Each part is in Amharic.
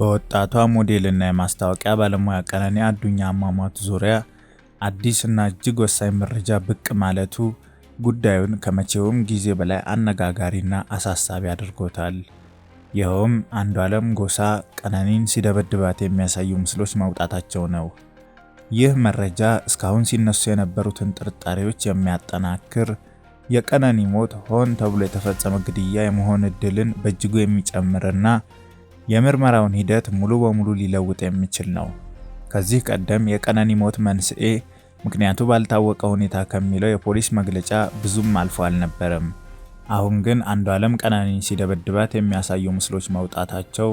በወጣቷ ሞዴልና የማስታወቂያ ባለሙያ ቀነኒ አዱኛ አሟሟት ዙሪያ አዲስ እና እጅግ ወሳኝ መረጃ ብቅ ማለቱ ጉዳዩን ከመቼውም ጊዜ በላይ አነጋጋሪና አሳሳቢ አድርጎታል። ይኸውም አንዷለም ጎሳ ቀነኒን ሲደበድባት የሚያሳዩ ምስሎች መውጣታቸው ነው። ይህ መረጃ እስካሁን ሲነሱ የነበሩትን ጥርጣሬዎች የሚያጠናክር፣ የቀነኒ ሞት ሆን ተብሎ የተፈጸመ ግድያ የመሆን እድልን በእጅጉ የሚጨምርና የምርመራውን ሂደት ሙሉ በሙሉ ሊለውጥ የሚችል ነው። ከዚህ ቀደም የቀነኒ ሞት መንስኤ ምክንያቱ ባልታወቀ ሁኔታ ከሚለው የፖሊስ መግለጫ ብዙም አልፎ አልነበረም። አሁን ግን አንዷለም ቀነኒን ሲደበድባት የሚያሳዩ ምስሎች መውጣታቸው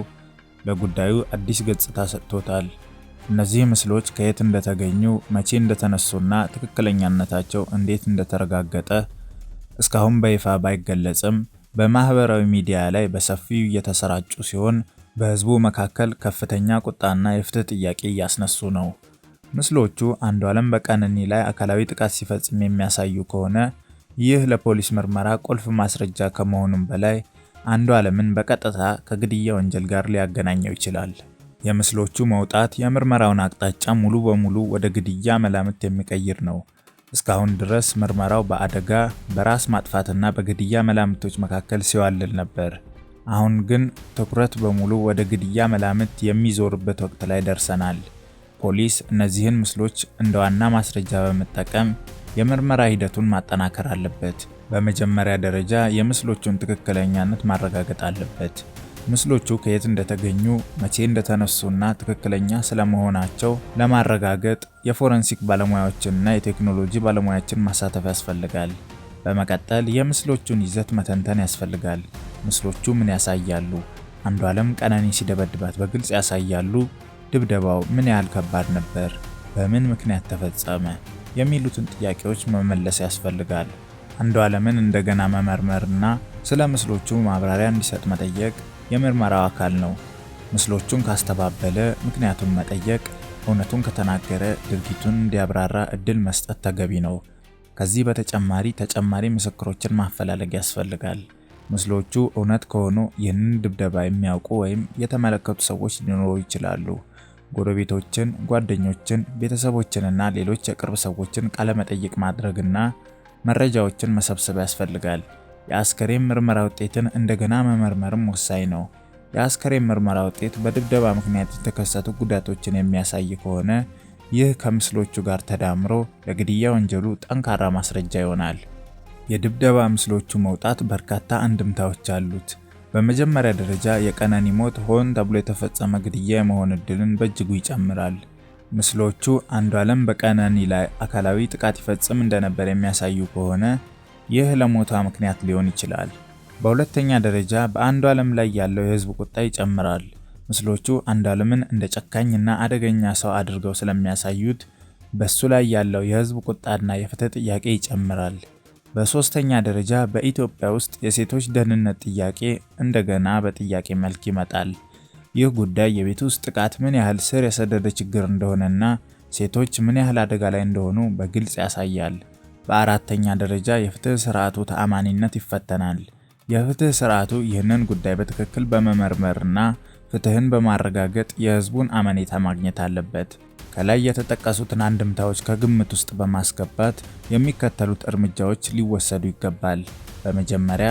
ለጉዳዩ አዲስ ገጽታ ሰጥቶታል። እነዚህ ምስሎች ከየት እንደተገኙ፣ መቼ እንደተነሱና ትክክለኛነታቸው እንዴት እንደተረጋገጠ እስካሁን በይፋ ባይገለጽም በማህበራዊ ሚዲያ ላይ በሰፊው እየተሰራጩ ሲሆን በህዝቡ መካከል ከፍተኛ ቁጣና የፍትህ ጥያቄ እያስነሱ ነው። ምስሎቹ አንዷለም በቀነኒ ላይ አካላዊ ጥቃት ሲፈጽም የሚያሳዩ ከሆነ ይህ ለፖሊስ ምርመራ ቁልፍ ማስረጃ ከመሆኑም በላይ አንዷለምን በቀጥታ ከግድያ ወንጀል ጋር ሊያገናኘው ይችላል። የምስሎቹ መውጣት የምርመራውን አቅጣጫ ሙሉ በሙሉ ወደ ግድያ መላምት የሚቀይር ነው። እስካሁን ድረስ ምርመራው በአደጋ በራስ ማጥፋትና በግድያ መላምቶች መካከል ሲዋልል ነበር። አሁን ግን ትኩረት በሙሉ ወደ ግድያ መላምት የሚዞርበት ወቅት ላይ ደርሰናል። ፖሊስ እነዚህን ምስሎች እንደ ዋና ማስረጃ በመጠቀም የምርመራ ሂደቱን ማጠናከር አለበት። በመጀመሪያ ደረጃ የምስሎቹን ትክክለኛነት ማረጋገጥ አለበት። ምስሎቹ ከየት እንደተገኙ፣ መቼ እንደተነሱና ትክክለኛ ስለመሆናቸው ለማረጋገጥ የፎረንሲክ ባለሙያዎችንና የቴክኖሎጂ ባለሙያዎችን ማሳተፍ ያስፈልጋል። በመቀጠል የምስሎቹን ይዘት መተንተን ያስፈልጋል። ምስሎቹ ምን ያሳያሉ? አንዷለም ቀነኒ ሲደበድባት በግልጽ ያሳያሉ። ድብደባው ምን ያህል ከባድ ነበር? በምን ምክንያት ተፈጸመ? የሚሉትን ጥያቄዎች መመለስ ያስፈልጋል። አንዷለምን እንደገና መመርመርና ስለ ምስሎቹ ማብራሪያ እንዲሰጥ መጠየቅ የምርመራው አካል ነው። ምስሎቹን ካስተባበለ ምክንያቱን መጠየቅ፣ እውነቱን ከተናገረ ድርጊቱን እንዲያብራራ እድል መስጠት ተገቢ ነው። ከዚህ በተጨማሪ ተጨማሪ ምስክሮችን ማፈላለግ ያስፈልጋል። ምስሎቹ እውነት ከሆኑ ይህንን ድብደባ የሚያውቁ ወይም የተመለከቱ ሰዎች ሊኖሩ ይችላሉ። ጎረቤቶችን፣ ጓደኞችን፣ ቤተሰቦችንና ሌሎች የቅርብ ሰዎችን ቃለመጠይቅ ማድረግና መረጃዎችን መሰብሰብ ያስፈልጋል። የአስከሬን ምርመራ ውጤትን እንደገና መመርመርም ወሳኝ ነው። የአስከሬን ምርመራ ውጤት በድብደባ ምክንያት የተከሰቱ ጉዳቶችን የሚያሳይ ከሆነ ይህ ከምስሎቹ ጋር ተዳምሮ ለግድያ ወንጀሉ ጠንካራ ማስረጃ ይሆናል። የድብደባ ምስሎቹ መውጣት በርካታ አንድምታዎች አሉት። በመጀመሪያ ደረጃ የቀነኒ ሞት ሆን ተብሎ የተፈጸመ ግድያ የመሆን እድልን በእጅጉ ይጨምራል። ምስሎቹ አንዷለም በቀነኒ ላይ አካላዊ ጥቃት ይፈጽም እንደነበር የሚያሳዩ ከሆነ ይህ ለሞቷ ምክንያት ሊሆን ይችላል። በሁለተኛ ደረጃ በአንዷለም ላይ ያለው የህዝብ ቁጣ ይጨምራል። ምስሎቹ አንዱዓለምን እንደ ጨካኝና አደገኛ ሰው አድርገው ስለሚያሳዩት በሱ ላይ ያለው የህዝብ ቁጣና የፍትህ ጥያቄ ይጨምራል። በሶስተኛ ደረጃ በኢትዮጵያ ውስጥ የሴቶች ደህንነት ጥያቄ እንደገና በጥያቄ መልክ ይመጣል። ይህ ጉዳይ የቤት ውስጥ ጥቃት ምን ያህል ስር የሰደደ ችግር እንደሆነና ሴቶች ምን ያህል አደጋ ላይ እንደሆኑ በግልጽ ያሳያል። በአራተኛ ደረጃ የፍትህ ስርዓቱ ተአማኒነት ይፈተናል። የፍትህ ስርዓቱ ይህንን ጉዳይ በትክክል በመመርመርና ፍትህን በማረጋገጥ የህዝቡን አመኔታ ማግኘት አለበት። ከላይ የተጠቀሱትን አንድምታዎች ከግምት ውስጥ በማስገባት የሚከተሉት እርምጃዎች ሊወሰዱ ይገባል። በመጀመሪያ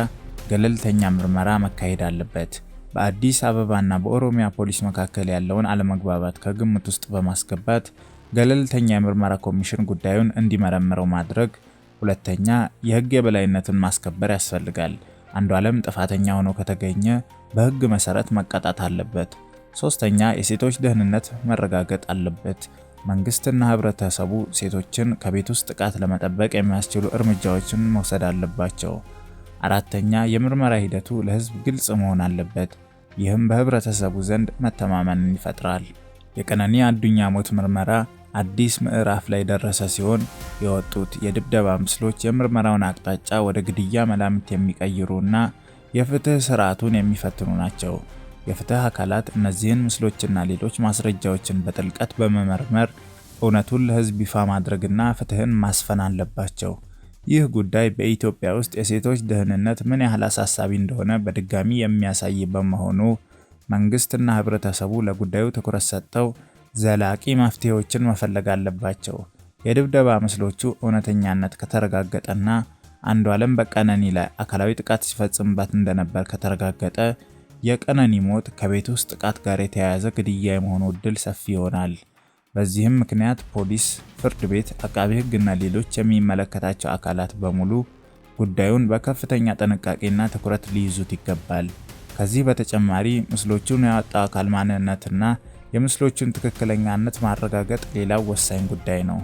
ገለልተኛ ምርመራ መካሄድ አለበት። በአዲስ አበባና በኦሮሚያ ፖሊስ መካከል ያለውን አለመግባባት ከግምት ውስጥ በማስገባት ገለልተኛ የምርመራ ኮሚሽን ጉዳዩን እንዲመረምረው ማድረግ። ሁለተኛ የህግ የበላይነትን ማስከበር ያስፈልጋል። ዓለም ጥፋተኛ ሆኖ ከተገኘ በህግ መሰረት መቀጣት አለበት። ሶስተኛ የሴቶች ደህንነት መረጋገጥ አለበት። መንግስትና ህብረተሰቡ ሴቶችን ከቤት ውስጥ ጥቃት ለመጠበቅ የሚያስችሉ እርምጃዎችን መውሰድ አለባቸው። አራተኛ የምርመራ ሂደቱ ለህዝብ ግልጽ መሆን አለበት። ይህም በህብረተሰቡ ዘንድ መተማመንን ይፈጥራል። የቀነኒ አዱኛ ሞት ምርመራ አዲስ ምዕራፍ ላይ ደረሰ ሲሆን የወጡት የድብደባ ምስሎች የምርመራውን አቅጣጫ ወደ ግድያ መላምት የሚቀይሩ እና የፍትህ ስርዓቱን የሚፈትኑ ናቸው። የፍትህ አካላት እነዚህን ምስሎችና ሌሎች ማስረጃዎችን በጥልቀት በመመርመር እውነቱን ለህዝብ ይፋ ማድረግና ፍትህን ማስፈን አለባቸው። ይህ ጉዳይ በኢትዮጵያ ውስጥ የሴቶች ደህንነት ምን ያህል አሳሳቢ እንደሆነ በድጋሚ የሚያሳይ በመሆኑ መንግስትና ህብረተሰቡ ለጉዳዩ ትኩረት ሰጥተው ዘላቂ መፍትሄዎችን መፈለግ አለባቸው። የድብደባ ምስሎቹ እውነተኛነት ከተረጋገጠና አንዷለም በቀነኒ ላይ አካላዊ ጥቃት ሲፈጽምበት እንደነበር ከተረጋገጠ የቀነኒ ሞት ከቤት ውስጥ ጥቃት ጋር የተያያዘ ግድያ የመሆኑ እድል ሰፊ ይሆናል። በዚህም ምክንያት ፖሊስ፣ ፍርድ ቤት፣ አቃቢ ሕግና ሌሎች የሚመለከታቸው አካላት በሙሉ ጉዳዩን በከፍተኛ ጥንቃቄና ትኩረት ሊይዙት ይገባል። ከዚህ በተጨማሪ ምስሎቹን ያወጣው አካል ማንነትና የምስሎቹን ትክክለኛነት ማረጋገጥ ሌላው ወሳኝ ጉዳይ ነው።